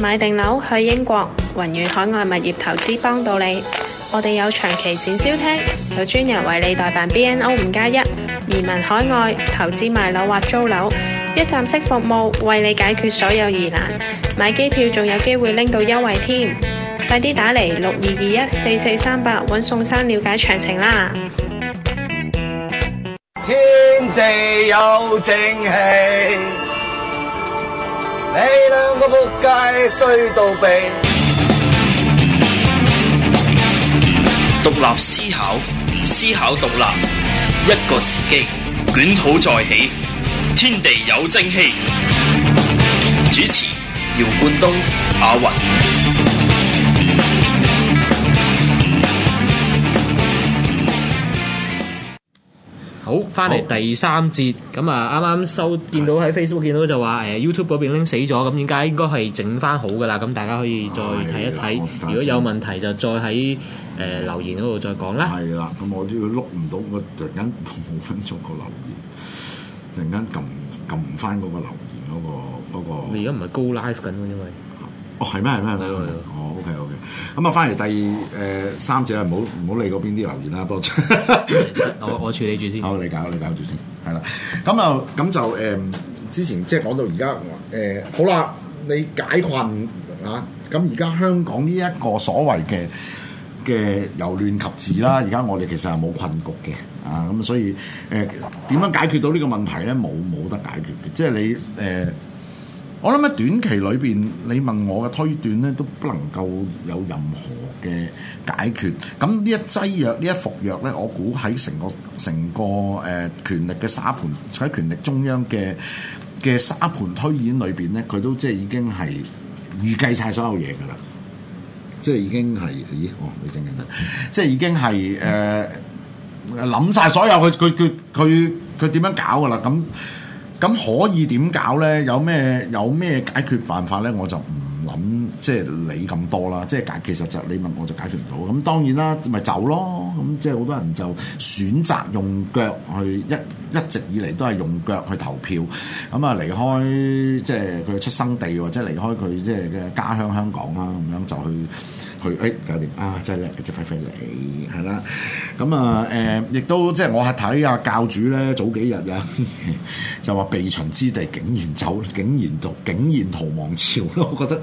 買定樓去英國，宏遠海外物業投資幫到你。我哋有長期展銷廳，有專人為你代辦 BNO 五加一移民海外投資買樓或租樓，一站式服務為你解決所有疑難。買機票仲有機會拎到優惠添，快啲打嚟六二二一四四三八搵宋生了解詳情啦。天地有正氣。你兩個仆街，衰到痹，獨立思考，思考獨立，一個時機，捲土再起，天地有正氣。主持：姚冠東、阿云。好，翻嚟第三節咁啊！啱啱好收見到喺 Facebook 是的 見到就話誒、呃、YouTube 嗰邊拎死咗，咁點解應該係整翻好噶啦？咁大家可以再睇一睇，如果有問題就再喺誒、呃、留言嗰度再講啦。係啦，咁我都要碌唔到，我突然間冇分鐘個留言，突然間撳撳唔翻嗰個留言嗰個嗰個。那個、你而家唔係高 live 緊喎，因為。哦，係咩？係咩？睇到你咯。哦，OK，OK。咁啊，翻嚟第二、呃、三隻唔好唔好理嗰邊啲留言啦，幫我我，我處理住先，好先。我嚟搞，嚟搞住先。係啦。咁啊，咁就誒之前即係講到而家誒好啦，你解困啊？咁而家香港呢一個所謂嘅嘅由亂及治啦，而家我哋其實係冇困局嘅啊，咁所以誒點、呃、樣解決到呢個問題咧？冇冇得解決嘅，即係你誒。呃我諗喺短期裏邊，你問我嘅推斷咧，都不能夠有任何嘅解決。咁呢一劑藥，一呢一服藥咧，我估喺成個成個誒、呃、權力嘅沙盤，喺權力中央嘅嘅沙盤推演裏邊咧，佢都即係已經係預計晒所有嘢㗎啦。即係已經係咦？哦，你正唔正？即係已經係誒諗晒所有佢佢佢佢佢點樣搞㗎啦。咁。咁可以點搞呢？有咩有咩解決辦法呢？我就唔諗，即係理咁多啦。即係解，其實就你問我就解決唔到。咁當然啦，咪走咯。咁即係好多人就選擇用腳去一一直以嚟都係用腳去投票。咁啊，離開即係佢出生地或者離開佢即係嘅家鄉香港啦，咁樣就去。佢搞掂，啊，真叻！佢只飛飛嚟係啦，咁啊誒，亦都即係我係睇啊教主咧，早幾日啊，就話避秦之地竟然走，竟然逃，竟然逃亡潮咯！我覺得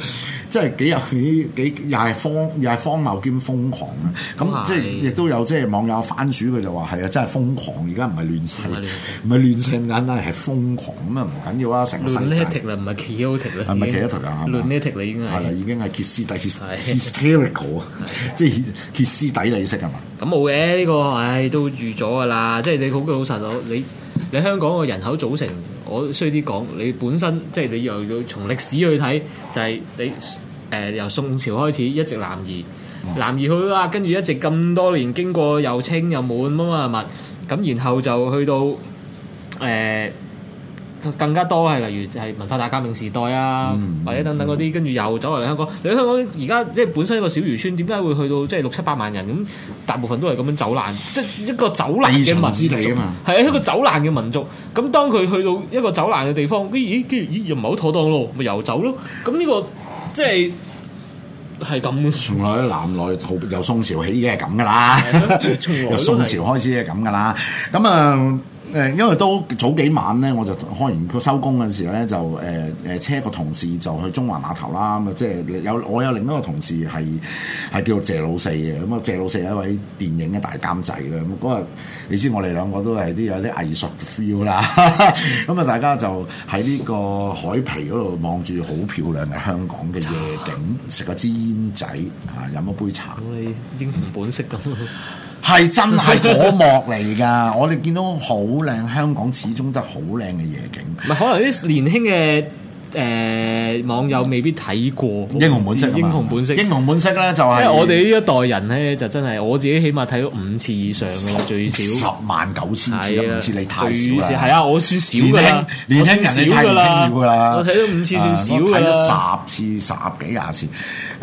即係幾有幾幾，又係荒又係荒謬兼瘋狂啊！咁即係亦都有即係網友番薯佢就話係啊，真係瘋狂！而家唔係亂世，唔係亂世咁簡單，係瘋狂咁啊，唔緊要啊，成個亂瀾唔係啊？亂瀾啦，已經係揭絲底好啊， 即係歇斯底里式係嘛？咁冇嘅呢個，唉，都預咗噶啦。即係你好鬼老實囉，你你香港嘅人口組成，我衰啲講，你本身即係你又要從歷史去睇，就係、是、你誒由、呃、宋朝開始一直南移，南移、嗯、去啦，跟住一直咁多年經過又清又滿啊嘛，咁然後就去到誒。呃更加多係例如係文化大革命時代啊，或者等等嗰啲，跟住又走嚟香港。你香港而家即係本身一個小漁村，點解會去到即係六七百萬人咁？大部分都係咁樣走難，即係一個走難嘅民族嚟嘅嘛，係一個走難嘅民族。咁當佢去到一個走難嘅地方，咦？咦，又唔係好妥當咯，咪又走咯。咁呢個即係係咁。從來喺南來，由宋朝起嘅係咁㗎喇，由宋朝開始係咁㗎喇。咁啊～誒，因為都早幾晚咧，我就開完個收工嗰時咧，就誒誒車個同事就去中環碼頭啦。咁啊，即係有我有另一個同事係係叫做謝老四嘅。咁、嗯、啊，謝老四係一位電影嘅大監製。啦、嗯。咁嗰日你知我哋兩個都係啲有啲藝術 feel 啦。咁啊、嗯， 嗯、大家就喺呢個海皮嗰度望住好漂亮嘅香港嘅夜景，食咗支煙仔，啊，飲一杯茶。咁、嗯、你英雄本色咁。 係真係嗰幕嚟噶，我哋見到好靚，香港始終都係好靚嘅夜景。唔係可能啲年輕嘅誒網友未必睇過英雄本色，英雄本色、英雄本色咧，就係我哋呢一代人咧，就真係我自己起碼睇咗五次以上啦，最少十萬九千次，唔似你太少啦。係啊，我算少噶，年輕，年輕人少，睇唔到噶啦，我睇咗五次算少啦，我睇咗十次、十幾廿次。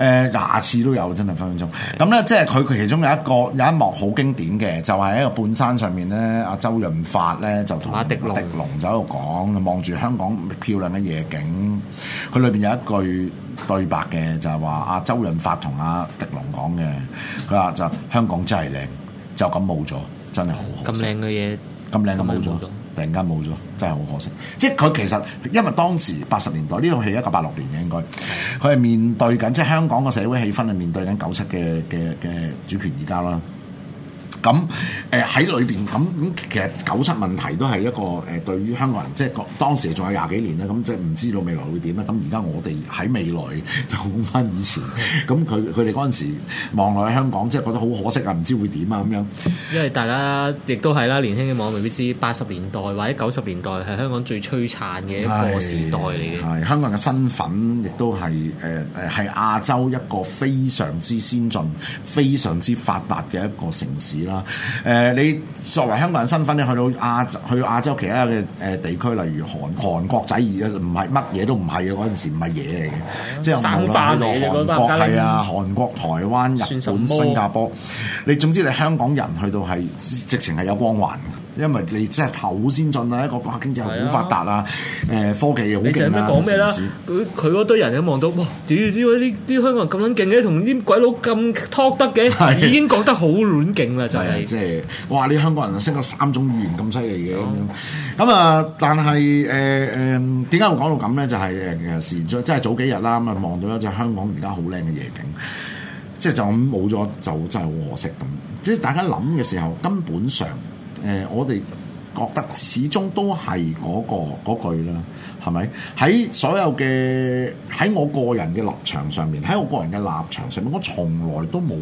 誒牙齒都有，真係分分鐘。咁咧是的、嗯，即係佢佢其中有一個有一幕好經典嘅，就係、是、喺個半山上面咧，阿周潤發咧就同阿狄龍就喺度講，望住香港漂亮嘅夜景。佢裏邊有一句對白嘅，就係話阿周潤發同阿狄龍講嘅，佢話就香港真係靚，就咁冇咗，真係好可惜。咁靚嘅嘢，咁靚都冇咗。突然間冇咗，真係好可惜。即係佢其實，因為當時八十年代呢套戲一九八六年嘅應該，佢係面對緊即係香港個社會氣氛啊，面對緊九七嘅嘅嘅主權移交啦。咁誒喺裏邊咁咁，其實九七問題都係一個誒、呃、對於香港人即係當時仲有廿幾年咧，咁即係唔知道未來會點啦，咁而家我哋喺未來就講翻以前，咁佢佢哋嗰陣時望落去香港，即係覺得好可惜啊，唔知會點啊咁樣，樣因為大家亦都係啦，年輕嘅網未必知八十年代或者九十年代係香港最璀璨嘅一個時代嚟嘅。係香港人嘅身份亦都係誒誒係亞洲一個非常之先進、非常之發達嘅一個城市。啊！誒、呃，你作為香港人身份，你去到亞洲，去到亞洲其他嘅誒地區，例如韓韓國仔而家唔係乜嘢都唔係嘅，嗰陣時，唔係嘢嚟嘅，即係唔同嘅。韓國係 啊，韓國、台灣、日本、 新加坡，你總之你香港人去到係直情係有光環。因為你真係頭先進啦，一個國家經濟好發達啦，啊、誒科技又好勁咩講咩啦？佢嗰堆人一望到，哇！屌呢啲啲香港人咁撚勁嘅，同啲鬼佬咁拖得嘅，是已經覺得好亂勁啦！就係即係哇！你香港人識咗三種語言咁犀利嘅咁咁啊！但係誒誒點解會講到咁咧？就係誒誒事即係早幾日啦，咁啊望到一張香港而家好靚嘅夜景，即係就咁冇咗就真係好可惜咁。即係大家諗嘅時候，根本上。誒、呃，我哋覺得始終都係嗰、嗰個句啦，係咪？喺所有嘅，喺我個人嘅立場上面，喺我個人嘅立場上面，我從來都冇，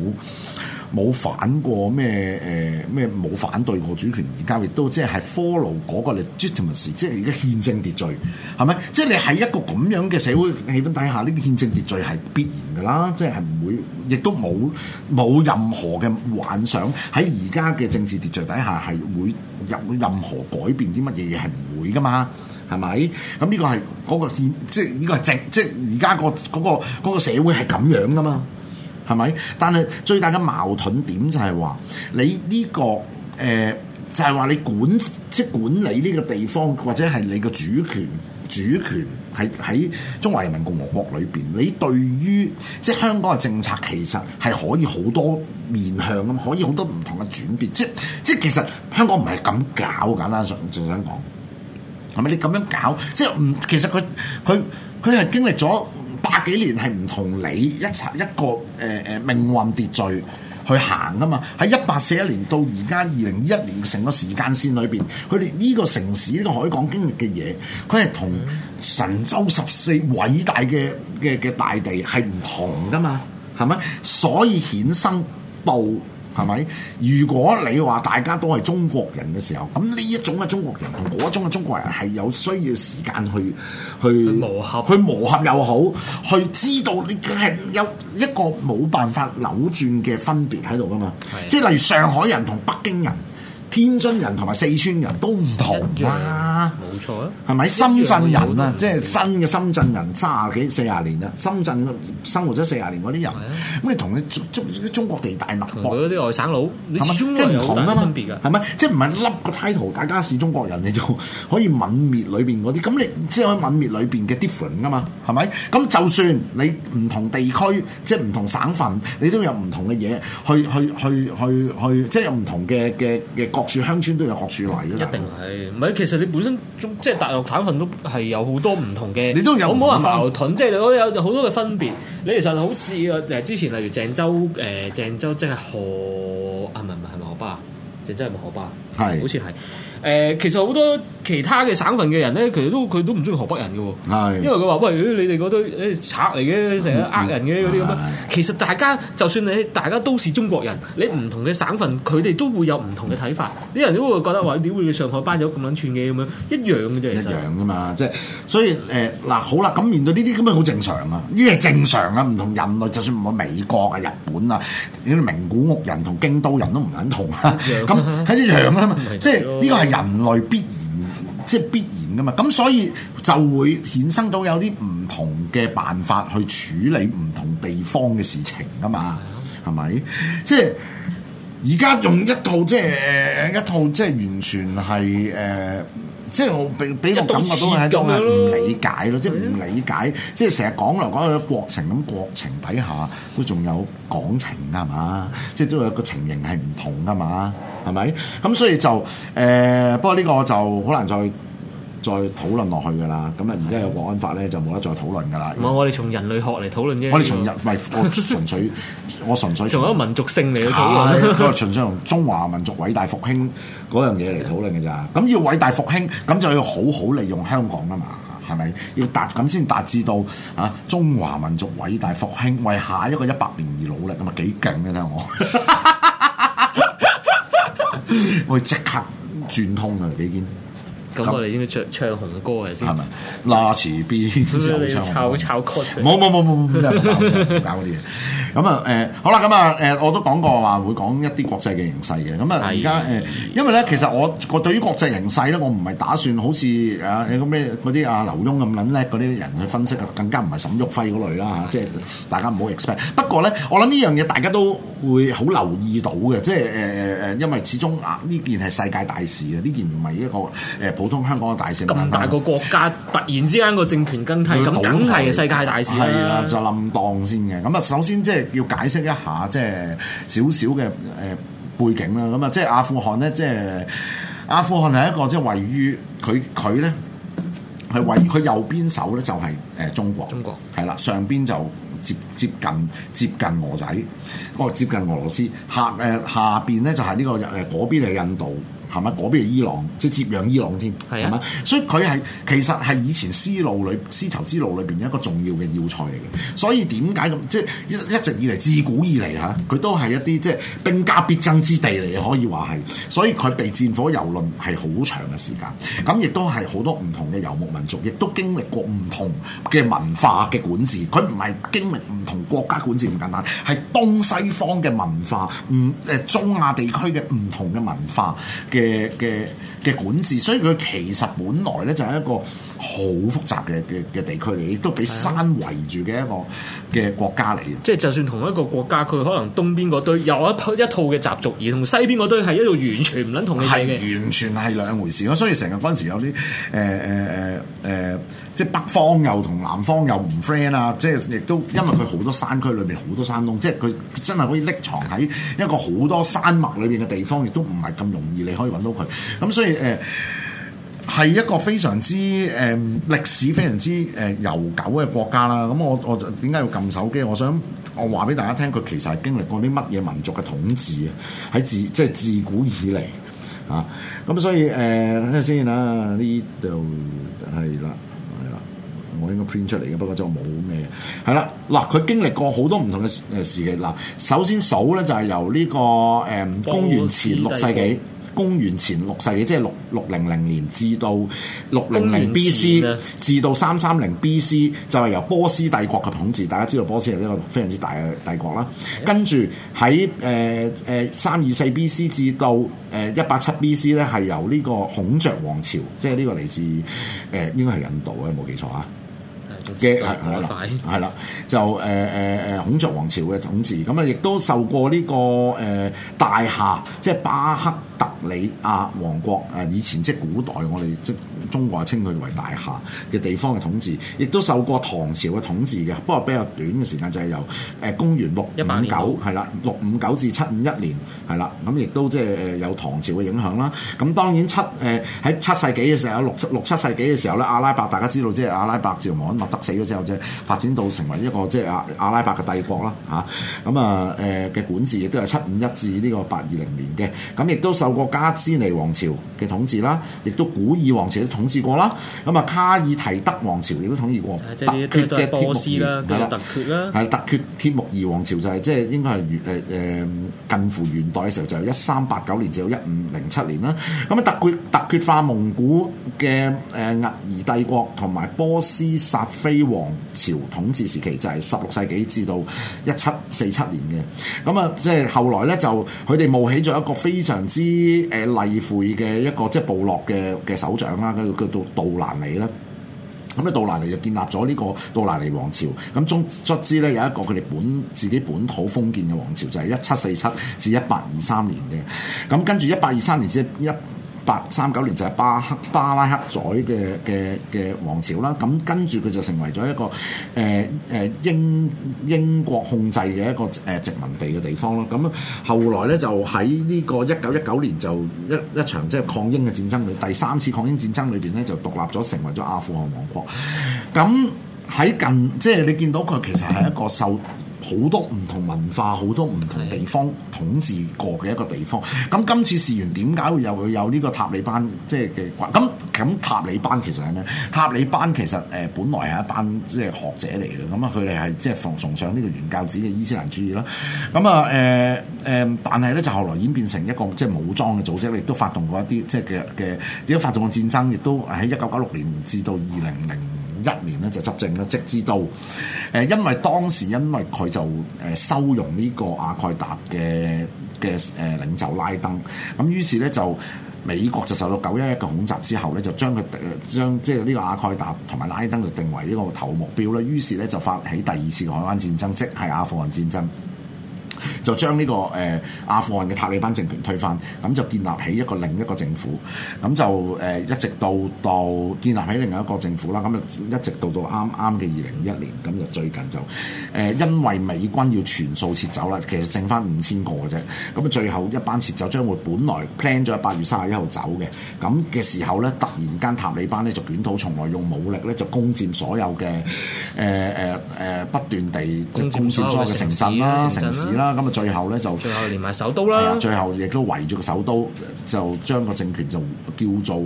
冇反過咩？誒咩冇反對過主權？而家亦都 acy, 即係 follow 嗰個 legitimacy，m 即係而家憲政秩序係咪？即係你喺一個咁樣嘅社會氣氛底下，呢個憲政秩序係必然噶啦，即係唔會，亦都冇冇任何嘅幻想喺而家嘅政治秩序底下係會有任何改變啲乜嘢嘢係唔會噶嘛？係咪？咁呢個係嗰個憲，即係呢個係政，即係而家個嗰、嗰個、嗰個嗰個社會係咁樣噶嘛？係咪？但係最大嘅矛盾點就係話、這個，你呢個誒就係、是、話你管即係管理呢個地方，或者係你嘅主權主權係喺中華人民共和國裏邊。你對於即係香港嘅政策，其實係可以好多面向咁，可以好多唔同嘅轉變。即即其實香港唔係咁搞，簡單上正想講係咪？你咁樣搞，即係唔其實佢佢佢係經歷咗。百幾年係唔同你一齊一個誒誒、呃、命運秩序去行噶嘛？喺一八四一年到而家二零二一年成個時間線裏邊，佢哋呢個城市呢、呢個海港經歷嘅嘢，佢係同神州十四偉大嘅嘅嘅大地係唔同噶嘛？係咪？所以衍生到。係咪？如果你話大家都係中國人嘅時候，咁呢一種嘅中國人同嗰種嘅中國人係有需要時間去去，去磨合，去磨合又好，去知道你係有一個冇辦法扭轉嘅分別喺度㗎嘛。的即係例如上海人同北京人。天津人同埋四川人都唔同啦、啊，冇錯啊，係咪深圳人啊？即係新嘅深圳人，卅幾，四十年啊，深圳生活咗四十年嗰啲人，咁你同你中中中國地大物博嗰啲外省佬，你始終都有分別㗎、啊，係咪？即係唔係笠個 title 大家是中國人你就可以泯滅裏邊嗰啲，咁你即係可以泯滅裏邊嘅 different 噶嘛？係咪？咁就算你唔同地區，即係唔同省份，你都有唔同嘅嘢去去去去去,去,去,去,去，即係有唔同嘅嘅嘅。各處鄉村都有各處例嘅。一定係，唔係其實你本身即係大陸省份都係有好多唔同嘅，你都有，冇冇話矛盾，即係吧你都有好多嘅分別，你其實好似誒、呃、之前例如鄭州誒、呃，鄭州即係河，啊唔係唔係河巴，鄭州係咪河巴？係的，好似係。誒，其實好多其他嘅省份嘅人咧，其實都佢都唔中意河北人嘅喎、喔，是 因為佢話喂，你哋嗰堆賊嚟嘅，成日呃人嘅嗰啲咁。其實大家就算你大家都是中國人，你唔同嘅省份，佢哋都會有唔同嘅睇法。啲人都會覺得話點會上海班友咁撚串嘅咁樣，一樣嘅啫。一樣㗎嘛，即、就、係、是、所以誒嗱、呃、好啦，咁面對呢啲咁嘅好正常啊，呢啲係正常啊。唔同人類，就算唔係美國啊、日本啊，嗰啲名古屋人同京都人都唔肯同啊。咁係一樣㗎嘛，即係呢個係。這是 人類必然即係必然噶嘛，咁所以就會衍生到有啲唔同嘅辦法去處理唔同地方嘅事情噶嘛，係咪？即係而家用一套即係誒一套即係完全係誒。呃即係我俾俾我感覺都係一種唔理解咯，即係唔理解，即係成日講來講去個過程咁，過程底下都仲有講情㗎嘛，即係都有一個情形係唔同㗎嘛，係咪？咁所以就誒、呃，不過呢個就好難再再討論落去噶啦，咁啊而家有國安法咧，就冇得再討論噶啦。唔係我哋從人類學嚟討論啫。我哋從人唔係純粹，我純粹從一民族性嚟去討論。係，我純粹用中華民族偉大復興嗰樣嘢嚟討論嘅咋。咁要偉大復興，咁就要好好利用香港吖嘛，係咪？要達咁先達至到啊！中華民族偉大復興，為下一個一百年而努力，咁咪幾勁咧！睇我，我會即刻轉通佢你已咁我哋應該唱唱紅歌嘅先。係咪？拉遲 B，你都抄抄冇冇冇冇冇冇，搞嗰啲嘢。咁啊誒，好啦，咁啊誒，我都講過話會講一啲國際嘅形勢嘅。咁啊而家誒，因為咧其實我我對於國際形勢咧，我唔係打算好似誒嗰咩啲啊，啊，啊，啊，啊劉墉咁撚叻嗰啲人去分析啊，更加唔係沈旭輝嗰類啦。即係大家唔好 expect。不過咧，我諗呢樣嘢大家都會好留意到嘅，即係誒。呃因為始終啊呢件係世界大事啊，呢件唔係一個誒普通香港嘅大事。咁大個國家突然之間個政權更替，咁梗係世界大事。係啦，就冧當先嘅。咁啊，首先即係要解釋一下，即係少少嘅誒背景啦。咁啊，即係阿富汗咧，即係阿富汗係一個即係位於佢佢咧係位於佢右邊手咧就係誒中國。中國係啦，上邊就。接接近接近俄仔，不、哦、過接近俄羅斯下誒、呃、下邊咧就係、是、呢、這個誒嗰、呃、邊係印度。係咪？嗰邊係伊朗，即係接壤伊朗添，係咪？啊、所以佢係其實係以前絲路裏、絲綢之路裏邊一個重要嘅要塞嚟嘅。所以點解咁？即係一一直以嚟，自古以嚟嚇，佢都係一啲即係兵家必爭之地嚟嘅，可以話係。所以佢被戰火蹂躪係好長嘅時間。咁亦都係好多唔同嘅遊牧民族，亦都經歷過唔同嘅文化嘅管治。佢唔係經歷唔同國家管治咁簡單，係東西方嘅文化，唔誒中亞地區嘅唔同嘅文化。嘅嘅嘅管治，所以佢其實本來咧就係一個好複雜嘅嘅嘅地區嚟，亦都俾山圍住嘅一個嘅國家嚟。即係就算同一個國家，佢可能東邊嗰堆有一一套嘅習俗，而同西邊嗰堆係一個完全唔撚同你哋嘅，完全係兩回事。我所以成日嗰陣時有啲誒誒誒誒。呃呃呃即係北方又同南方又唔 friend 啊！即係亦都因為佢好多山區裏邊好多山窿，即係佢真係可以匿藏喺一個好多山脈裏邊嘅地方，亦都唔係咁容易你可以揾到佢。咁所以誒係、呃、一個非常之誒、呃、歷史非常之誒、呃、悠久嘅國家啦。咁我我就點解要撳手機？我想我話俾大家聽，佢其實係經歷過啲乜嘢民族嘅統治喺自即係自古以嚟啊！咁所以誒睇、呃、下先啦，呢度。係啦。我應該 print 出嚟嘅，不過就冇咩嘅。係啦，嗱，佢經歷過好多唔同嘅時期。嗱，首先數咧就係由呢、呢個誒、嗯、高 公元前六世紀，高 公元前六世紀，即係六六零零年至到六零零 BC 至到三三零 BC，就係由波斯帝國嘅統治。大家知道波斯係一個非常之大嘅帝國啦。跟住喺誒誒三二四 BC 至到誒一八七 BC 咧，係由呢個孔雀王朝，即係呢個嚟自誒、呃、應該係印度啊，有冇記錯啊？啊嘅係啦，係啦，就誒誒誒孔雀王朝嘅統治，咁啊亦都受過呢、這個誒、呃、大夏，即係巴克特里亞王國誒以前即係古代我哋即中國啊稱佢為大夏嘅地方嘅統治，亦都受過唐朝嘅統治嘅，不過比較短嘅時間就係由誒公元六五九係啦，六五九至七五一年係啦，咁亦都即係誒有唐朝嘅影響啦。咁當然七誒喺、呃、七世紀嘅時候，六六七世紀嘅時候咧，阿拉伯大家知道即係阿拉伯穆罕默德死咗之後，即係發展到成為一個即係阿阿拉伯嘅帝國啦嚇。咁啊誒嘅、呃、管治亦都係七五一至呢個八二零年嘅，咁亦都受。有受過加茲尼王朝嘅統治啦，亦都古爾王朝都統治過啦。咁啊，卡爾提德王朝亦都統治過。突厥嘅帖木兒係突厥啦，係、就是、突厥、啊、帖木兒王朝就係、是、即係應該係元誒近乎元代嘅時候，就係一三八九年至到一五零七年啦。咁啊，突厥突厥化蒙古嘅誒額兒帝國同埋波斯薩菲王朝統治時期就係十六世紀至到一七四七年嘅。咁啊，即係後來咧就佢哋冒起咗一個非常之啲誒利馭嘅一個即係部落嘅嘅首長啦，跟叫做杜蘭尼啦。咁啊，杜蘭尼就建立咗呢個杜蘭尼王朝。咁總之咧有一個佢哋本自己本土封建嘅王朝，就係一七四七至一八二三年嘅。咁跟住一八二三年至一八三九年就係巴克巴拉克宰嘅嘅嘅王朝啦，咁跟住佢就成為咗一個誒誒、呃、英英國控制嘅一個誒殖民地嘅地方咯。咁後來咧就喺呢個一九一九年就一一場即係抗英嘅戰爭裏，第三次抗英戰爭裏邊咧就獨立咗成為咗阿富汗王國。咁喺近即係、就是、你見到佢其實係一個受。好多唔同文化，好多唔同地方統治過嘅一個地方。咁今次事完點解會又會有呢個塔利班即係嘅？咁、就、咁、是、塔利班其實係咩？塔利班其實誒、呃、本來係一班即係、就是、學者嚟嘅。咁啊，佢哋係即係奉崇尚呢個原教旨嘅伊斯蘭主義啦。咁啊誒誒，但係咧就後來演變成一個即係、就是、武裝嘅組織，亦都發動過一啲即係嘅嘅，而、就、家、是、發動嘅戰爭亦都喺一九九六年至到二零零一年咧就執政啦，即之都。誒，因為當時因為佢就誒收容呢個阿蓋達嘅嘅誒領袖拉登，咁於是咧就美國就受到九一一嘅恐襲之後咧，就將佢、呃、將即係呢個阿蓋達同埋拉登就定為呢個頭目標啦。於是咧就發起第二次嘅海灣戰爭，即係阿富汗戰爭。就將呢個誒阿富汗嘅塔利班政權推翻，咁就建立起一個另一個政府，咁就誒一直到到建立起另一個政府啦，咁啊一直到到啱啱嘅二零一年，咁就最近就誒、呃、因為美軍要全數撤走啦，其實剩翻五千個嘅啫，咁最後一班撤走將會本來 plan 咗八月三十一號走嘅，咁嘅時候呢，突然間塔利班呢就捲土重來，用武力呢就攻佔所有嘅誒誒誒不斷地即係攻佔所有嘅城鎮啦、城市啦。咁啊，最後咧就最後連埋首都啦，最後亦都圍住個首都，就將個政權就叫做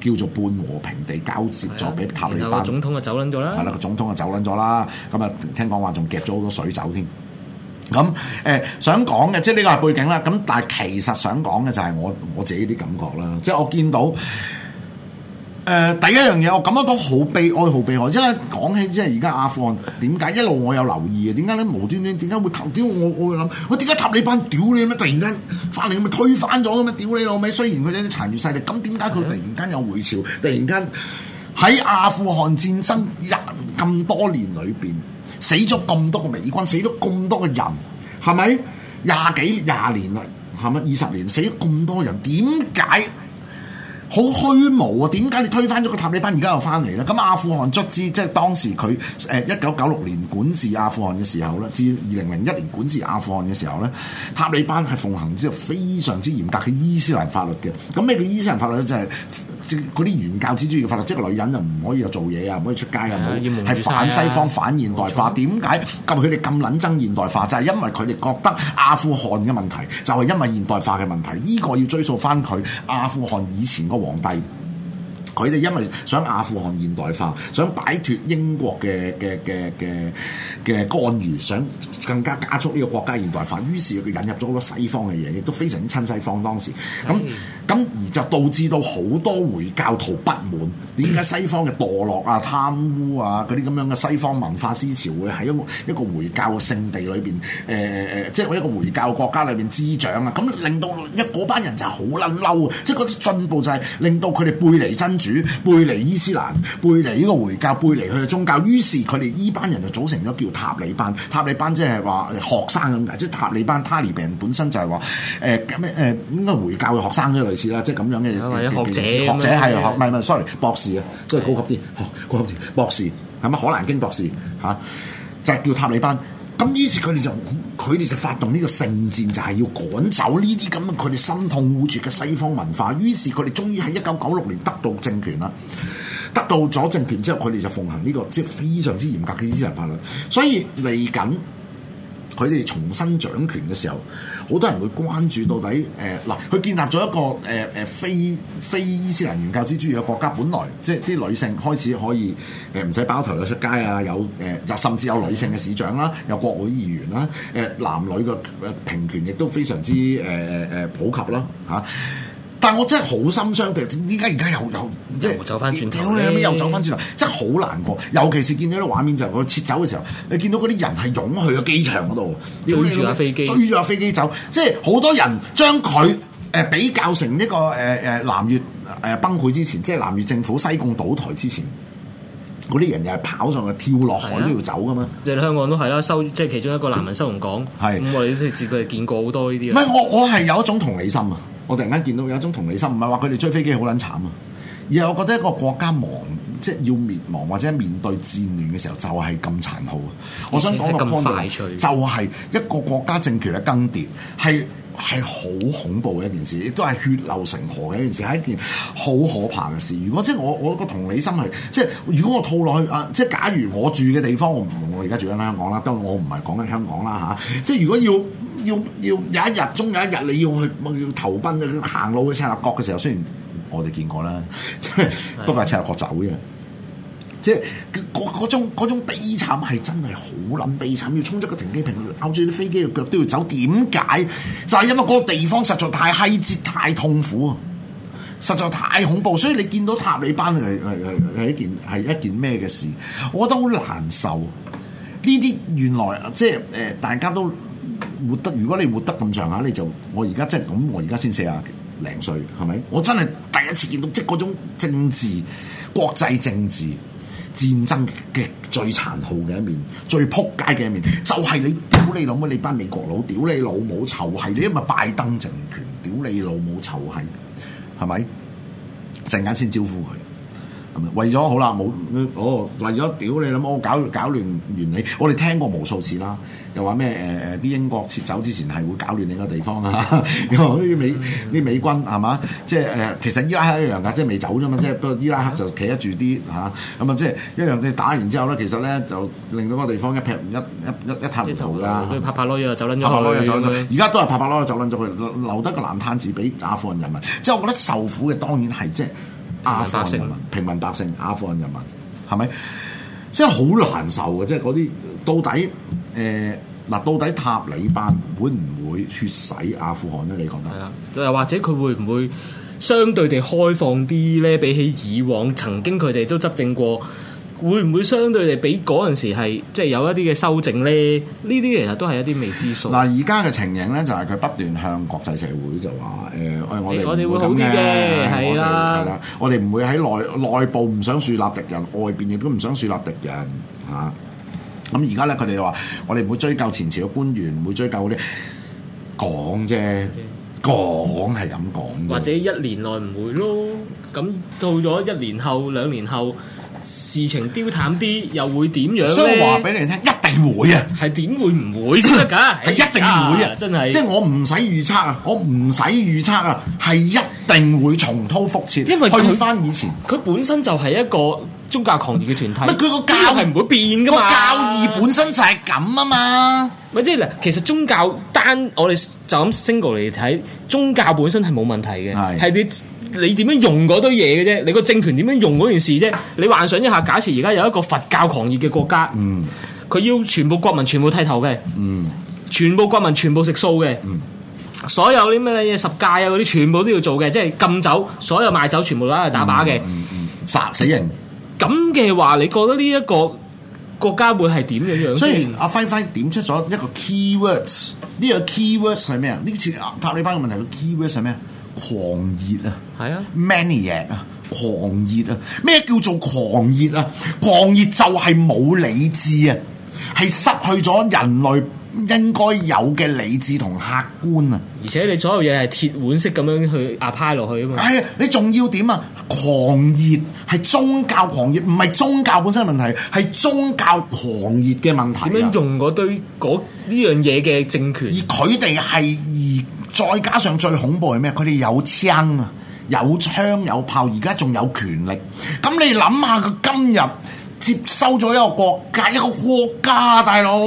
叫做半和平地交接塔利班，就俾塔利班。總統就走撚咗啦！係啦，個總統就走撚咗啦。咁啊，聽講話仲夾咗好多水走添。咁、嗯、誒、呃，想講嘅即係呢個係背景啦。咁但係其實想講嘅就係我我自己啲感覺啦。即係我見到。誒、呃、第一樣嘢，我咁樣都好悲哀，好悲哀。因為講起即係而家阿富汗點解一路我有留意嘅？點解咧無端端點解會頭屌？我我會諗，我點解塔利班屌你咁突然間翻嚟咪推翻咗咁啊屌你老味！雖然佢哋啲殘餘勢力，咁點解佢突然間有回潮？突然間喺阿富汗戰爭廿咁多年裏邊，死咗咁多個美軍，死咗咁多個人，係咪廿幾廿年啦？係咪二十年死咁多人？點解？好虛無啊！點解你推翻咗個塔利班，而家又翻嚟呢？咁、嗯、阿富汗卒之即係當時佢誒一九九六年管治阿富汗嘅時候咧，至二零零一年管治阿富汗嘅時候呢，塔利班係奉行之後非常之嚴格嘅伊斯蘭法律嘅。咁、嗯、咩叫伊斯蘭法律呢、就是，就係即係嗰啲原教旨主義嘅法律，即係女人就唔可以又做嘢啊，唔可以出街啊，係反西方、啊、反現代化。點解咁佢哋咁撚憎現代化？就係、是、因為佢哋覺得阿富汗嘅問題就係因為現代化嘅問題，呢、這個要追溯翻佢阿富汗以前個皇帝。佢哋因為想阿富汗現代化，想擺脫英國嘅嘅嘅嘅嘅干預，想更加加速呢個國家現代化，於是佢引入咗好多西方嘅嘢，亦都非常之親西方當時咁咁的而就導致到好多回教徒不滿，點解西方嘅墮落啊、貪污啊啲咁樣嘅西方文化思潮會喺一個一個回教嘅聖地裏邊，誒誒即係一個回教國家裏邊滋長啊？咁令到一班人就係好嬲，即係啲進步就係令到佢哋背離真主背離伊斯蘭，背離呢個回教，背離佢嘅宗教。於是佢哋依班人就組成咗叫塔利班。塔利班即係話學生咁嘅，即係塔利班，塔利病本身就係話誒咩誒，應該回教嘅學生咁類似啦，即係咁樣嘅學，學者，學者係學，唔係唔係，sorry，博士啊，即係高級啲學，高級啲博士係咪可蘭經博士嚇，啊，就係叫塔利班。咁於是佢哋就佢哋就發動呢個聖戰，就係、是、要趕走呢啲咁嘅佢哋心痛惡絕嘅西方文化。於是佢哋終於喺一九九六年得到政權啦，得到咗政權之後，佢哋就奉行呢、這個即係、就是、非常之嚴格嘅伊斯蘭法律。所以嚟緊佢哋重新掌權嘅時候。好多人會關注到底，誒、呃、嗱，佢建立咗一個誒誒、呃、非非伊斯蘭原教旨主義嘅國家，本來即係啲女性開始可以誒唔使包頭去出街啊，有誒、呃、甚至有女性嘅市長啦，有國會議員啦，誒、呃、男女嘅平權亦都非常之誒誒、呃、普及啦，嚇、啊。但我真係好心傷的，點解而家又即又即係走翻轉頭？點解後又走翻轉頭？真係好難過。尤其是見到啲畫面、就是，就我撤走嘅時候，你見到嗰啲人係湧去個機場嗰度，追住架飛機，追住架飛機走。即係好多人將佢誒比較成呢、這個誒誒、呃、南越誒崩潰之前，即係南越政府西貢倒台之前，嗰啲人又係跑上去跳落海都要走噶嘛？即係香港都係啦，收即係其中一個難民收容港。係咁的，我哋自個係見過好多呢啲。唔係我，我係有一種同理心啊！我突然間見到有一種同理心，唔係話佢哋追飛機好撚慘啊，而係我覺得一個國家亡，即係要滅亡或者面對戰亂嘅時候就係咁殘酷啊！而且 我想講個 point 就係一個國家政權嘅更迭係係好恐怖嘅一件事，亦都係血流成河嘅一件事，係一件好可怕嘅事。如果即係我我個同理心係即係如果我套落去啊，即係假如我住嘅地方我唔我而家住緊香港啦，當我唔係講緊香港啦嚇、啊，即係如果要。要要有一日終有一日你要去要投奔啊！要行路去赤鱲角嘅時候，雖然我哋見過啦，即 係不過赤鱲角走嘅，是的 即係嗰嗰種種悲慘係真係好撚悲慘，要衝出個停機坪，拗住啲飛機嘅腳都要走，點解？就係、是、因為嗰個地方實在太閪節、太痛苦，實在太恐怖，所以你見到塔利班係係係係一件係一件咩嘅事，我覺得好難受。呢啲原來即係誒，大家都。活得如果你活得咁長下，你就我而家即係咁，我而家先四啊零歲，係咪？我真係第一次見到即係嗰種政治、國際政治、戰爭嘅最殘酷嘅一面、最撲街嘅一面，就係、是、你屌你老母，你班美國佬屌你老母，臭閪你，因為拜登政權屌你老母臭閪，係咪？陣間先招呼佢。咁為咗好啦，冇哦，為咗屌你諗，我搞搞亂原理，我哋聽過無數次啦。又話咩誒誒，啲、呃、英國撤走之前係會搞亂你個地方啊？啲美啲美軍係嘛？即係誒，其實伊拉克一樣噶，即係未走啫嘛。即係不過伊拉克就企得住啲嚇，咁啊，即係一樣你打完之後咧，其實咧就令到個地方一劈一一一一塌糊塗㗎。佢拍拍攞嘢走撚咗，而家都係拍拍攞走撚咗佢，留得個爛攤子俾阿富汗人民。即係我覺得受苦嘅當然係即係。阿富汗人民、平民百姓、阿富汗人民，係咪？真係好難受嘅，即係嗰啲到底，誒、呃、嗱，到底塔利班會唔會血洗阿富汗咧？你覺得係啦，又或者佢會唔會相對地開放啲咧？比起以往，曾經佢哋都執政過。會唔會相對地比嗰陣時係即係有一啲嘅修正咧？呢啲其實都係一啲未知數。嗱，而家嘅情形咧就係、是、佢不斷向國際社會就話：誒、欸，我哋我哋會好啲嘅係啦，係啦、欸，我哋唔會喺們的內內部唔想樹立敵人，外邊亦都唔想樹立敵人嚇。咁而家咧佢哋話：我哋唔會追究前朝嘅官員，唔會追究嗰啲講啫，講係咁 Okay. 講。講或者一年內唔會咯，咁到咗一年後、兩年後。事情丟淡啲又會點樣咧？所以我話俾你聽，一定會啊！係點會唔會先得㗎？係一定會啊、欸！真係，即係我唔使預測啊！我唔使預測啊！係一定會重蹈覆轍，因為佢翻以前，佢本身就係一個宗教狂熱嘅團體。佢個教係唔會變㗎嘛？教義本身就係咁啊嘛！咪即係嗱，其實宗教單我哋就咁 single 嚟睇，宗教本身係冇問題嘅，係啲。你點樣用嗰堆嘢嘅啫？你個政權點樣用嗰件事啫？你幻想一下，假設而家有一個佛教狂熱嘅國家，佢、嗯、要全部國民全部剃頭嘅，嗯、全部國民全部食素嘅，嗯、所有啲咩嘢十戒啊嗰啲，全部都要做嘅，即係禁酒，所有賣酒全部都去打靶嘅，殺死人。咁嘅話，你覺得呢一個國家會係點樣樣？雖然阿輝輝點出咗一個 keywords，呢個 keywords 係咩啊？呢次塔利班嘅問題，個 keywords 係咩？這個狂熱啊，係啊，mania 啊，啊，狂熱啊，咩叫做狂熱啊？狂熱就係冇理智啊，係失去咗人類應該有嘅理智同客觀啊。而且你所有嘢係鐵腕式咁樣去壓派落去啊嘛。係啊，你仲要點啊？狂熱係宗教狂熱，唔係宗教本身嘅問題，係宗教狂熱嘅問題啊。點樣用堆嗰呢樣嘢嘅政權，而佢哋係而。再加上最恐怖係咩？佢哋有槍啊，有槍有炮，而家仲有權力。咁你諗下，佢今日接收咗一個國家，一個國家大佬，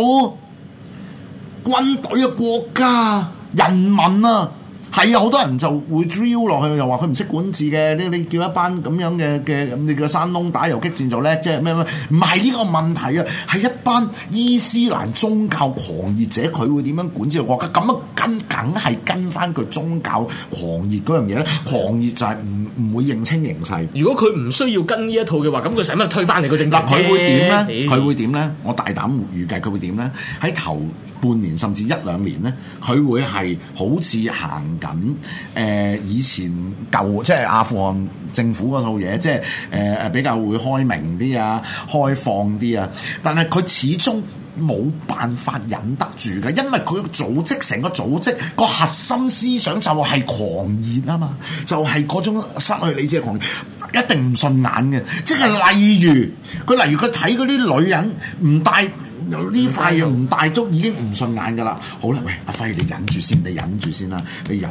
軍隊嘅國家，人民啊！係啊，好多人就會 drill 落去，又話佢唔識管治嘅，呢你叫一班咁樣嘅嘅咁，你叫山窿打游擊戰就叻，即係咩咩？唔係呢個問題啊，係一班伊斯蘭宗教狂熱者，佢會點樣管治個國家？咁啊跟梗係跟翻佢宗教狂熱嗰樣嘢咧，狂熱就係唔唔會認清形勢。如果佢唔需要跟呢一套嘅話，咁佢使乜推翻嚟個政？那佢會點咧？佢會點咧？我大膽預計佢會點咧？喺頭半年甚至一兩年咧，佢會係好似行。忍，誒以前舊即係阿富汗政府嗰套嘢，即係誒誒比較會開明啲啊，開放啲啊，但係佢始終冇辦法忍得住㗎，因為佢組織成個組織個核心思想就係狂熱啊嘛，就係嗰種失去理智嘅狂熱，一定唔順眼嘅。即係例如佢，例如佢睇嗰啲女人唔戴。有呢塊嘢唔大足，已經唔順眼噶啦。好啦，喂，阿輝，你忍住先，你忍住先啦，你忍。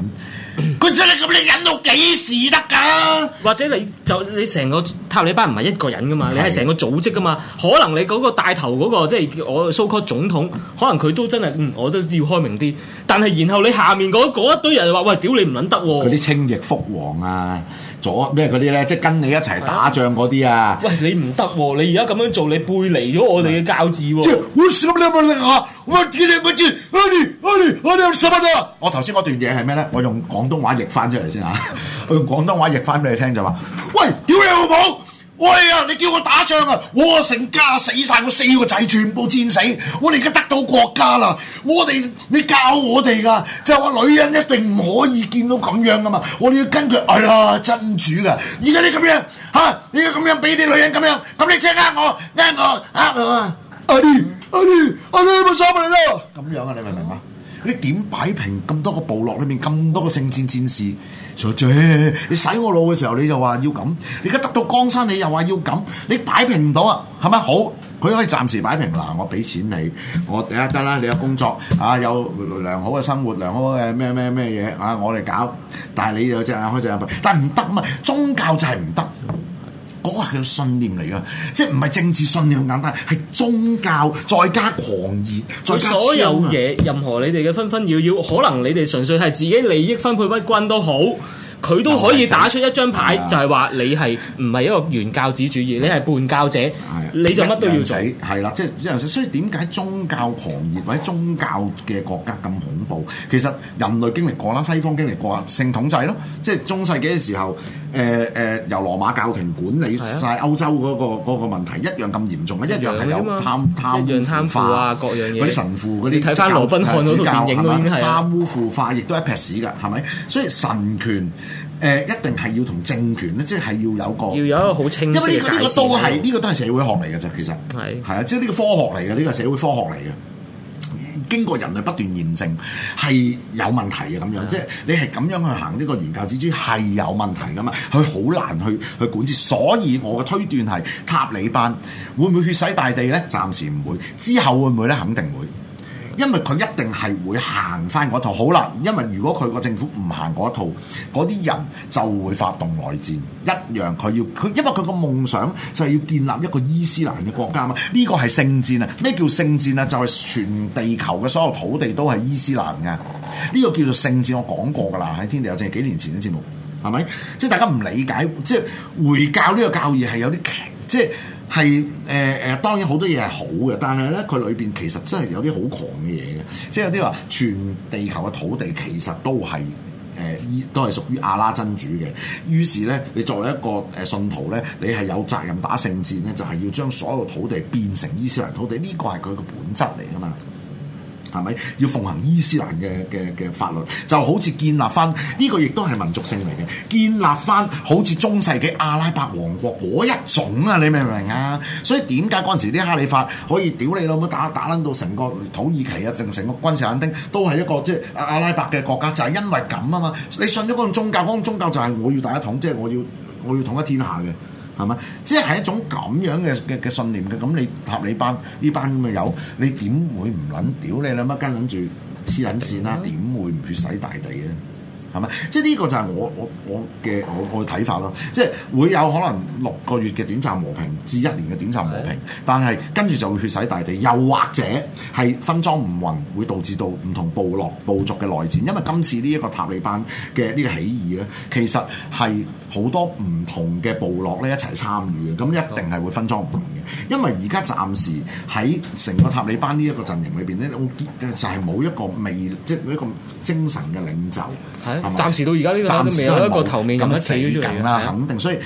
佢真係咁，你忍到幾時得噶？或者你就你成個塔利班唔係一個人噶嘛，是你係成個組織噶嘛。可能你嗰個帶頭嗰個，即係我蘇克總統，可能佢都真係嗯，我都要開明啲。但係然後你下面嗰一堆人話：「喂，屌你唔撚得喎！」嗰啲清翼福王啊！左咩嗰啲咧，即係跟你一齊打仗嗰啲啊，啊！喂，你唔得喎，你而家咁樣做，你背離咗我哋嘅教旨喎。即係我死啦！你係咪你啊？喂，你哋唔知，我哋我哋我哋有死乜啊？我頭先嗰段嘢係咩咧？我用廣東話譯翻出嚟先嚇、啊， 我用廣東話譯翻俾你聽就話：喂，屌你老母！」喂啊！你叫我打仗啊！我成家死晒，我四個仔全部戰死。我哋而家得到國家啦！我哋你教我哋噶，就話、係、女人一定唔可以見到咁樣噶嘛！我哋要根據哎呀，真主噶。而家你咁樣嚇、啊，你咁樣俾啲女人咁樣，咁你即係呃我，呃我，呃我！阿 dee，阿 dee，阿 dee，冇錯咪咯！咁、啊啊啊、樣啊，你明唔明啊？你點擺平咁多個部落裏面咁多個聖戰戰士？最你洗我腦嘅時候，你就話要咁。你而家得到江山，你又話要咁。你擺平唔到啊？係咪？好，佢可以暫時擺平嗱，我俾錢你，我得啦得啦，你有工作啊，有良好嘅生活，良好嘅咩咩咩嘢啊，我哋搞。但係你又有隻眼開隻眼閉，但係唔得啊嘛，宗教就係唔得。嗰個係個信念嚟噶，即係唔係政治信念咁簡單，係宗教再加狂熱，再加所有嘢，任何你哋嘅紛紛擾擾，可能你哋純粹係自己利益分配不均都好，佢都可以打出一張牌，就係話你係唔係一個原教旨主義，你係叛教者，你就乜都要做，係啦，即係所以點解宗教狂熱或者宗教嘅國家咁恐怖？其實人類經歷過啦，西方經歷過聖統制咯，即係中世紀嘅時候。誒誒、呃呃，由羅馬教廷管理晒歐洲嗰、那個嗰、啊、個問題一樣咁嚴重咧，啊、一樣係有貪貪腐啊，各樣嘢啲神父嗰啲教，睇教《羅賓漢》嗰套電影啊，貪污腐化亦都一撇屎㗎，係咪？所以神權誒、呃、一定係要同政權咧，即係要有個要有一個好清晰。因為呢、這個這個都係呢、這個都係社會學嚟嘅啫，其實係係啊，啊，即係呢個科學嚟嘅，呢、這個社會科學嚟嘅。經過人類不斷驗證係有問題嘅咁樣，嗯、即係你係咁樣去行呢、呢個原教旨主義係有問題噶嘛，佢好難去去管治，所以我嘅推斷係塔利班會唔會血洗大地呢？暫時唔會，之後會唔會呢？肯定會。因為佢一定係會行翻嗰套，好啦。因為如果佢個政府唔行嗰套，嗰啲人就會發動內戰。一樣佢要佢，因為佢個夢想就係要建立一個伊斯蘭嘅國家嘛。呢個係聖戰啊！咩叫聖戰啊？就係全地球嘅所有土地都係伊斯蘭嘅。呢個叫做聖戰，我講過㗎啦。喺天地友政氣幾年前嘅節目，係咪？即係大家唔理解，即係回教呢個教義係有啲強，即係。係誒誒，當然多好多嘢係好嘅，但係咧佢裏邊其實真係有啲好狂嘅嘢嘅，即係有啲話全地球嘅土地其實都係誒、呃、都係屬於阿拉真主嘅，於是咧你作為一個誒信徒咧，你係有責任打聖戰咧，就係、是、要將所有土地變成伊斯蘭土地，呢個係佢嘅本質嚟㗎嘛。係咪要奉行伊斯蘭嘅嘅嘅法律？就好似建立翻呢個，亦都係民族性嚟嘅。建立翻好似中世紀阿拉伯王國嗰一種啊！你明唔明啊？所以點解嗰陣時啲哈里發可以屌你老母打打撚到成個土耳其啊，定成個君士坦丁都係一個即係阿拉伯嘅國家，就係因為咁啊嘛！你信咗嗰種宗教，嗰種宗教就係我要大家統，即係我要我要統一天下嘅。係嘛？即係一種咁樣嘅嘅嘅信念嘅，咁你塔利班呢班咁嘅友，你點會唔撚屌你？你乜跟諗住黐撚線啦？點、啊、會唔血洗大地嘅？係嘛？即係呢個就係我我我嘅我我嘅睇法咯。即係會有可能六個月嘅短暫和平至一年嘅短暫和平，但係跟住就會血洗大地，又或者係分贓唔勻，會導致到唔同部落部族嘅內戰。因為今次呢一個塔利班嘅呢個起義咧，其實係好多唔同嘅部落咧一齊參與嘅，咁一定係會分贓唔勻嘅。因為而家暫時喺成個塔利班呢一個陣營裏邊咧，我就係冇一個未即係一個精神嘅領袖。暫時到而家呢個，都未有一個頭面，咁死緊啦，肯定。所以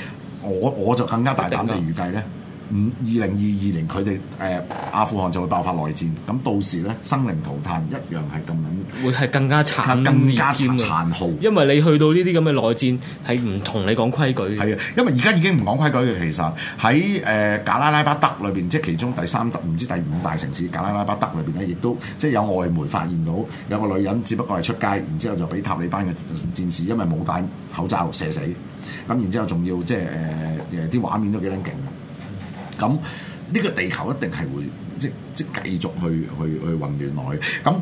我我就更加大膽地預計咧。五二零二二年佢哋誒阿富汗就會爆發內戰，咁到時咧生靈塗炭一樣係咁緊，會係更加慘，更加之殘酷。因為你去到呢啲咁嘅內戰係唔同你講規矩。係啊，因為而家已經唔講規矩嘅，其實喺誒賈拉拉巴德裏邊，即係其中第三唔知第五大城市賈拉拉巴德裏邊咧，亦都即係有外媒發現到有個女人，只不過係出街，然之後就俾塔利班嘅戰士因為冇戴口罩射死，咁然之後仲要即係誒誒啲畫面都幾撚勁。咁呢個地球一定係會即即繼續去去去混亂落去。咁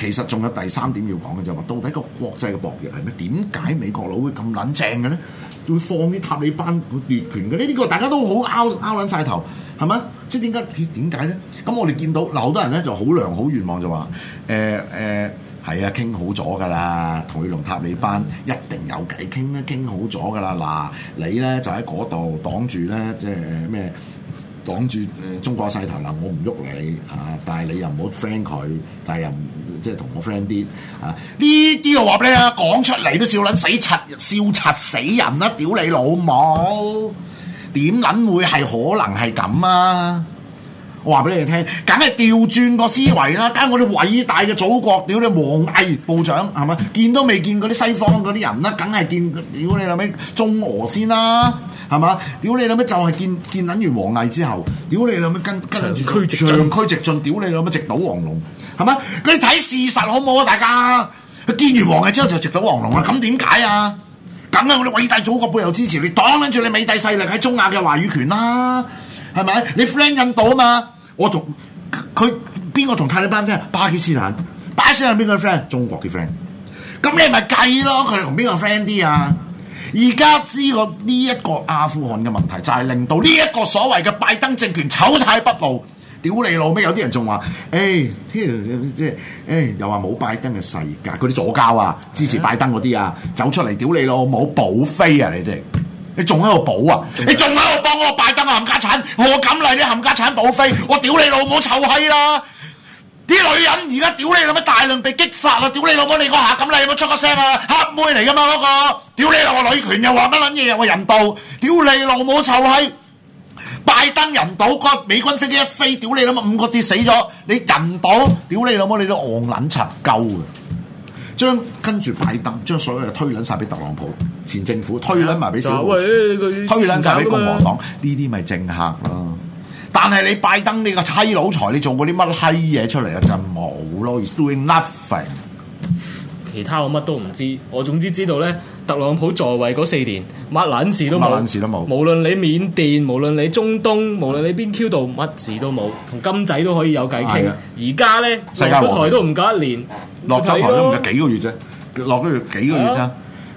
其實仲有第三點要講嘅就係話，到底個國際嘅博弈係咩？點解美國佬會咁撚正嘅咧？會放啲塔利班佢越權嘅咧？呢、這個大家都好拗拗撚曬頭，係咪？即點解點解咧？咁我哋見到嗱，好多人咧就好良好願望就話誒誒，係、呃呃、啊，傾好咗㗎啦，同佢同塔利班一定有偈傾啦，傾好咗㗎啦。嗱，你咧就喺嗰度擋住咧，即係咩？講住誒，中國勢頭，嗱我唔喐你嚇，但係你又唔好 friend 佢，但係又唔即係同我 friend 啲嚇，呢啲我話你啊，講出嚟都笑撚死柒，笑柒死人啦！屌你老母，點撚會係可能係咁啊？我話俾你哋聽，梗係調轉個思維啦！梗係我哋偉大嘅祖國，屌你王毅部長係咪？見都未見過嗰啲西方嗰啲人啦，梗係見屌你諗咩？中俄先啦、啊，係嘛？屌你諗咩？就係、是、見見撚完王毅之後，屌你諗咩？跟跟住區直進區直進，屌你諗咩？直到黃龍係嘛？佢哋睇事實好唔好啊？大家佢見完王毅之後就直到黃龍啦，咁點解啊？梗係我哋偉大祖國背後支持你，擋撚住你美帝勢力喺中亞嘅話語權啦！係咪？你 friend 印度啊嘛？我同佢邊個同泰利班 friend？巴基斯坦，巴基斯坦邊個 friend？中國啲 friend。咁你咪計咯，佢同邊個 friend 啲啊？而家知我呢一個阿富汗嘅問題就係、是、令到呢一個所謂嘅拜登政權醜態畢露，屌你老咩？有啲人仲話，誒、哎，即係誒，又話冇拜登嘅世界，嗰啲左膠啊，支持拜登嗰啲啊，走出嚟屌你老母，冇保飛啊！你哋。你仲喺度保啊？你仲喺度幫嗰個拜登冚家鏟？我咁嚟啲冚家鏟保飛？我屌你老母臭閪啦！啲女人而家屌你老母大量被擊殺啦！屌你老母你個下咁你，你有冇出個聲啊？黑妹嚟噶嘛嗰個？屌你老母，女權又話乜撚嘢，人道！屌你老母臭閪！拜登人道，個美軍飛機一飛，屌你老母五個跌死咗。你人到！屌你老母你都戇撚柒鳩嘅。將跟住拜登將所有嘢推捻晒俾特朗普。前政府推捻埋俾小老，推捻就俾共和黨呢啲咪政客咯。但係你拜登呢個差佬才，你做過啲乜閪嘢出嚟啊？就冇咯，doing nothing。其他我乜都唔知，我總之知道咧，特朗普在位嗰四年，乜卵事都冇，無論你緬甸，無論你中東，無論你邊 Q 度，乜事都冇，同金仔都可以有偈傾。而家咧，上台都唔夠一年，落咗台都唔夠幾個月啫，落咗幾個月啫。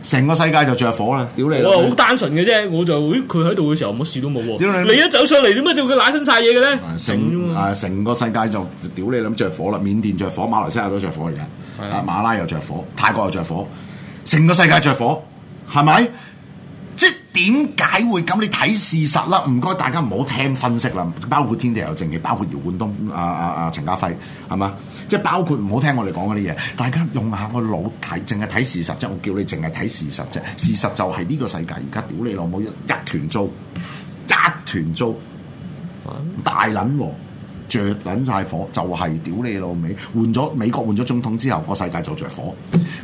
成個世界就着火啦！屌你！我話好單純嘅啫，我就會佢喺度嘅時候，乜事都冇喎。你你一走上嚟，點解仲佢攋身晒嘢嘅咧？成啊整，成、嗯、個世界就屌你咁着火啦！緬甸着火，馬來西亞都着火而家，啊的馬拉又着火，泰國又着火，成個世界着火，係咪的？的點解會咁？你睇事實啦，唔該大家唔好聽分析啦，包括天地友政氣，包括姚冠東、阿阿阿陳家輝，係嘛？即係包括唔好聽我哋講嗰啲嘢，大家用下個腦睇，淨係睇事實啫。我叫你淨係睇事實啫，事實就係呢個世界而家屌你老母一團糟，一團糟，大撚鑊。着撚晒火就係屌你老味。換咗美國換咗總統之後，個世界就着火。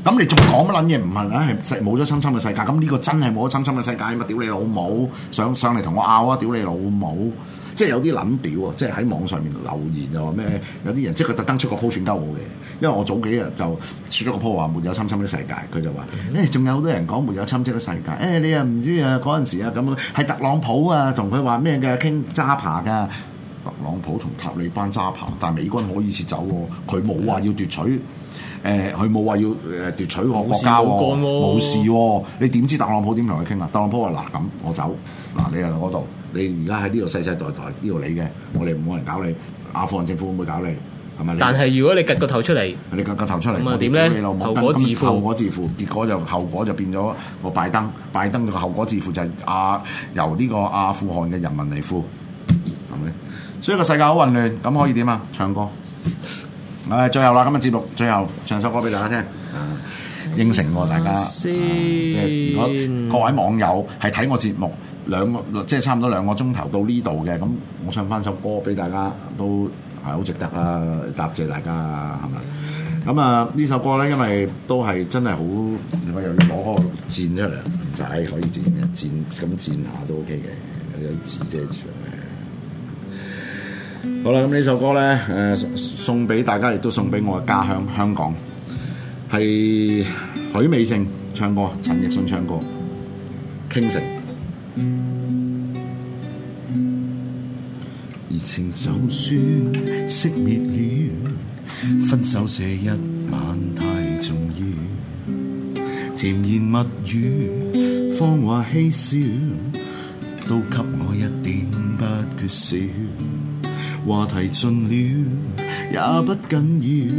咁你仲講乜撚嘢？唔係咧，係冇咗侵侵嘅世界。咁呢個真係冇咗侵侵嘅世界乜？屌你老母！上上嚟同我拗啊！屌你老母！即係有啲撚屌啊！即係喺網上面留言又話咩？有啲人即係佢特登出個 po 串鳩我嘅，因為我早幾日就出咗個 po 話沒有侵侵嘅世界，佢就話：誒仲有好多人講沒有侵侵嘅世界。誒你啊唔知啊嗰陣時啊咁樣，係特朗普啊同佢話咩嘅傾揸扒噶。特朗普同塔利班揸炮，但係美軍可以撤走，啊，佢冇話要奪取，誒佢冇話要誒奪取我國家，啊，冇事，無事，啊事啊。你點知特朗普點同佢傾啊？特朗普話嗱咁，我走嗱，你喺嗰度，你而家喺呢度世世代代呢度你嘅，我哋冇人搞你，阿富汗政府會唔會搞你？係咪？但係如果你夾個頭出嚟，你夾個頭出嚟，咁點咧？你後果自負，後果自負，結果就後果就變咗個拜登，拜登嘅後果自負就係、是、阿、啊、由呢個阿富汗嘅人民嚟負，係咪？所以個世界好混亂，咁可以點啊？唱歌，誒，最後啦，今日嘅節目，最後唱首歌俾大家聽，應承喎大家。即係如果各位網友係睇我節目兩個，即係差唔多兩個鐘頭到呢度嘅，咁我唱翻首歌俾大家，都係好值得啊！答謝大家，係咪？咁啊，呢首歌咧，因為都係真係好，我又要攞個箭出嚟，就係可以箭箭咁箭下都 OK 嘅，有啲字遮住。好啦，咁呢首歌咧，誒、呃，送俾大家，亦都送俾我嘅家鄉香港，係許美靜唱歌，陳奕迅唱歌，《傾城》。熱情就算熄滅了，分手這一晚太重要。甜言蜜語，謊話嬉笑，都給我一點不缺少。話題盡了也不緊要，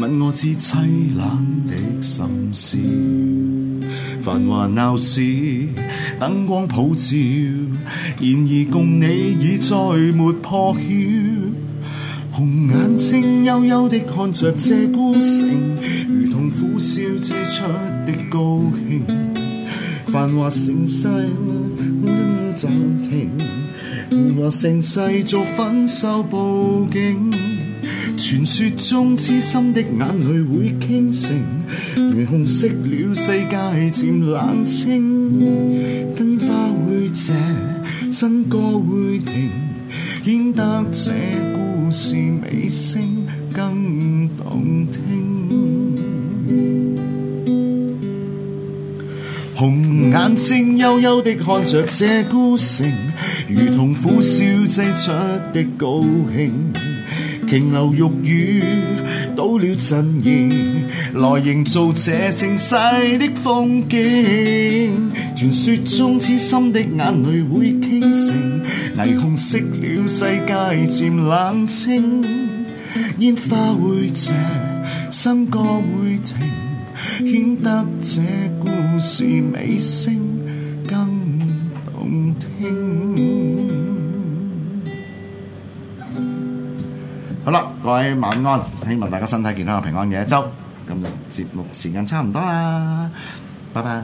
吻我至凄冷的深宵。繁華鬧市，燈光普照，然而共你已再沒破曉。紅眼睛幽幽的看着這孤城，如同苦笑擠出的高興。繁華盛世暫停。我盛世做分手佈景，傳說中痴心的眼淚會傾城，霓虹熄了世界漸冷清，燈花會謝，笙歌會停，顯得這故事尾聲更動聽。紅眼睛幽幽的看着這孤城，如同苦笑擠出的高興。瓊樓玉宇倒了陣營，來營造這盛世的風景。傳說中痴心的眼淚會傾城，霓虹熄了世界漸冷清。煙花會謝，笙歌會停。顯得這故事尾聲更動聽。好啦，各位晚安，希望大家身體健康，又平安嘅一周。今日節目時間差唔多啦，拜拜。